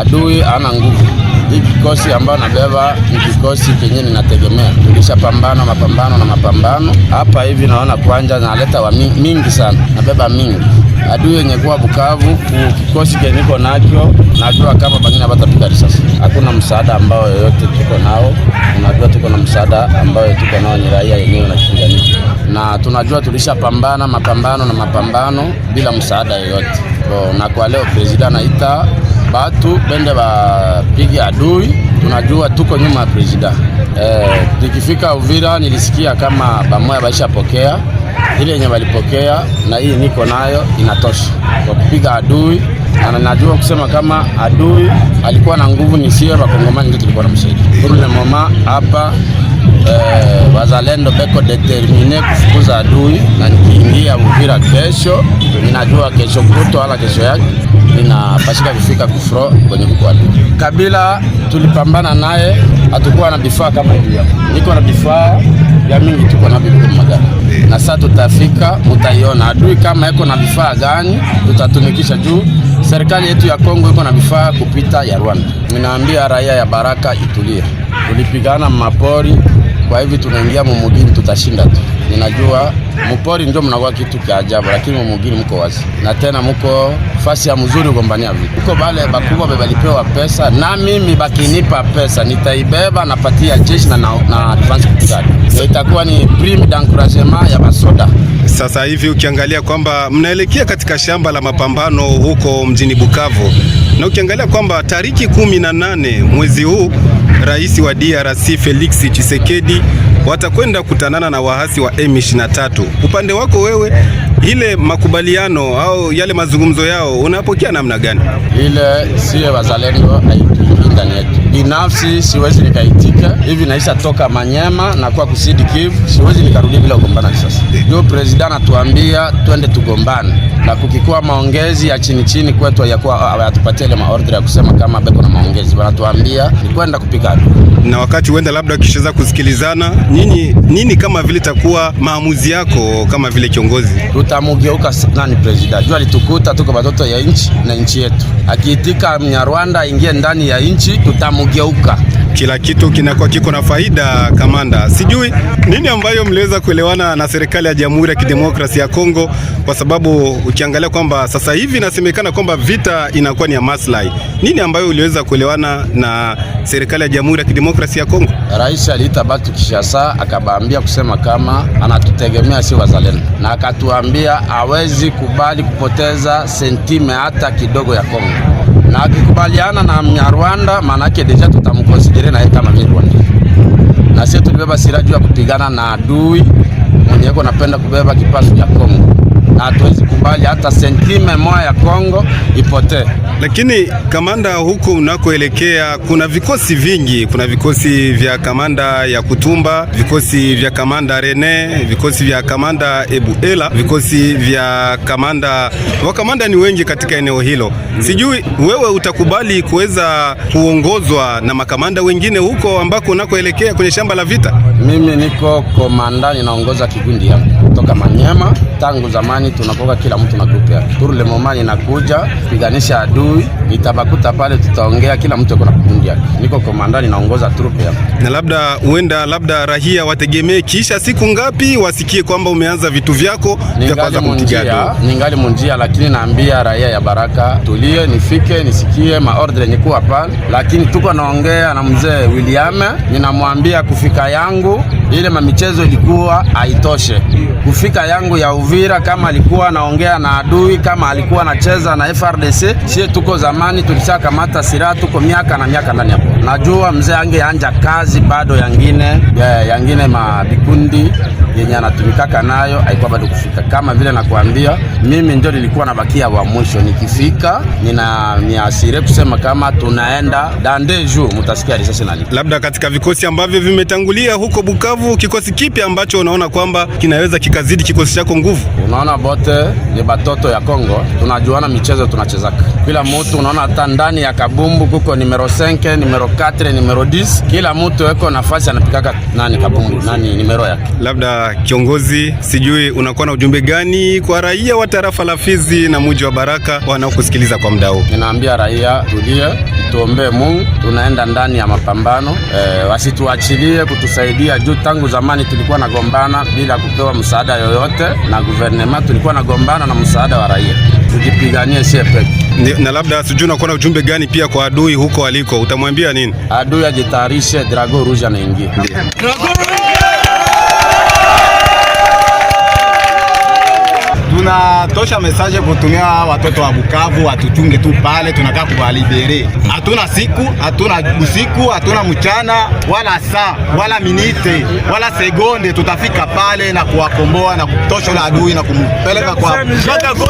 adui ana nguvu. Hii kikosi ambayo nabeba ni kikosi kenye ninategemea. Tulisha pambano mapambano na mapambano hapa hivi, naona kwanja naleta wa mingi sana, nabeba mingi adui yenye kuwa Bukavu kikosi keniko nacho, najua kama bangine batapiga risasi. Hakuna msaada ambao yoyote tuko nao, tunajua tuko na msaada ambayo tuko nao ni raia yenyewe na kipigania, na tunajua tulishapambana mapambano na mapambano bila msaada yoyote. na kwa leo president anaita batu bende bapige adui, tunajua tuko nyuma ya presida eh. nikifika Uvira nilisikia kama bamoya baishapokea ile yenye walipokea, na hii niko nayo inatosha kwa kupiga adui, na najua kusema kama adui alikuwa na nguvu ni sio Wakongomani, ndio tulikuwa namsaidia mama hapa eh, wazalendo beko determine kufukuza adui, na nikiingia Uvira kesho ninajua kesho kuto wala kesho yake ninapashika kufika kufro kwenye mkwani. Kabila tulipambana naye, hatukuwa na vifaa kama hivi. Niko na vifaa vya mingi, tuko na vipimo na sasa tutafika, mutaiona adui kama iko na vifaa gani, tutatumikisha juu Serikali yetu ya Kongo iko na vifaa kupita ya Rwanda. Ninaambia raia ya Baraka itulie, tulipigana mapori, kwa hivi tunaingia mumugini, tutashinda tu. Ninajua mpori ndio mnakuwa kitu cha ajabu, lakini mumugini muko wazi na tena muko fasi ya mzuri kugombania vitu. Uko bale bakubwa bebalipewa pesa, na mimi bakinipa pesa nitaibeba, napatia jeshi na na, na advance itakuwa ni prime d'encouragement ya basoda. Sasa hivi ukiangalia kwamba mnaelekea katika shamba la mapambano huko mjini Bukavu, na ukiangalia kwamba tariki kumi na nane mwezi huu rais wa DRC Felix Tshisekedi watakwenda kutanana na waasi wa M23. Upande wako wewe, ile makubaliano au yale mazungumzo yao unapokea namna gani? Ile siyo wazalendo haitulii ndani yetu binafsi siwezi nikaitika hivi, naisha toka Manyema na kwa kusidi Kivu, siwezi nikarudi bila kugombana. Sasa ndio president anatuambia twende tugombane, na kukikuwa maongezi ya chini chini kwetu, hayatupatia ile maordre ya kusema kama beko na maongezi, wanatuambia ni kwenda kupigana. Na wakati uenda labda kisheza kusikilizana nyinyi nini, kama vile takuwa maamuzi yako kama vile kiongozi, tutamugeuka nani president. Jua litukuta tuko watoto ya nchi na nchi yetu, akiitika Mnyarwanda ingie ndani ya nchi tutam mugeuka, kila kitu kinakuwa kiko na faida. Kamanda, sijui nini ambayo mliweza kuelewana na serikali ya Jamhuri ya Kidemokrasia ya Kongo, kwa sababu ukiangalia kwamba sasa hivi inasemekana kwamba vita inakuwa ni ya maslahi. Nini ambayo uliweza kuelewana na serikali ya Jamhuri ya Kidemokrasia ya Kongo? Rais aliita batu Kishasa, akabaambia kusema kama anatutegemea si wazalendo, na akatuambia hawezi kubali kupoteza sentime hata kidogo ya Kongo na akikubaliana na Mnyarwanda, maanake deja tutamkonsidere naye kama Mnyarwanda. Na sisi tulibeba silaha ya kupigana na adui mwenye yako napenda kubeba kipasu ya Kongo hatuwezi kubali hata sentime moja ya Kongo ipotee. Lakini kamanda, huko unakoelekea kuna vikosi vingi, kuna vikosi vya kamanda ya Kutumba, vikosi vya kamanda Rene, vikosi vya kamanda Ebuela, vikosi vya kamanda wakamanda, ni wengi katika eneo hilo. Sijui wewe utakubali kuweza kuongozwa na makamanda wengine huko ambako unakoelekea kwenye shamba la vita? Mimi niko komanda, ninaongoza kikundi hapa kutoka Manyema tangu zamani tunakoka kila mtu na grupu yake. le moment inakuja piganisha adui, nitabakuta pale, tutaongea kila mtu kuna kundi yake. Niko komanda, ninaongoza troop ya. Na labda huenda labda rahia wategemee kisha siku ngapi wasikie kwamba umeanza vitu vyako vya kwanza kumpiga. Ningali munjia, lakini naambia rahia ya Baraka tulie, nifike nisikie maordre nikuwa pale, lakini tuko naongea na mzee William, ninamwambia kufika yangu ile mamichezo ilikuwa haitoshe, kufika yangu ya uvi. Uvira, kama alikuwa anaongea na adui, kama alikuwa anacheza na FRDC. Sie tuko zamani, tulishakamata silaha, tuko miaka na miaka ndani hapo. Najua mzee ange anja kazi bado, yangine yangine mavikundi yenye anatumikaka nayo haikuwa bado kufika. Kama vile nakuambia, mimi ndio nilikuwa nabakia wa mwisho. Nikifika nina miasire kusema kama tunaenda dande ju, mutasikia risasi nali. Labda katika vikosi ambavyo vimetangulia huko Bukavu, kikosi kipi ambacho unaona kwamba kinaweza kikazidi kikosi chako nguvu? Unaona, bote ni batoto ya Kongo, tunajuana michezo, tunachezaka kila mtu. Unaona hata ndani ya kabumbu kuko numero 5, numero 4, numero 10, kila mtu eko nafasi anapikaka nani kabumbu nani numero yake labda kiongozi, sijui unakuwa na ujumbe gani kwa raia wa tarafa la Fizi na muji wa Baraka wanaokusikiliza kwa muda huu? Ninaambia raia tulie, tuombee Mungu, tunaenda ndani ya mapambano e, wasituachilie kutusaidia juu tangu zamani tulikuwa nagombana bila kupewa msaada yoyote na guvernema, tulikuwa nagombana na msaada wa raia. Tujipiganie sie peke na labda sijui unakuwa na ujumbe gani pia kwa adui huko aliko, utamwambia nini adui? Ajitayarishe, Drago Ruja anaingia. tunatosha mesaje kutumia watoto wa Bukavu, watuchunge tu pale, tunakaa kuwalibere. Hatuna siku, hatuna usiku, hatuna mchana wala saa wala minite wala segonde, tutafika pale na kuwakomboa na kutosha la adui na kumpeleka kwa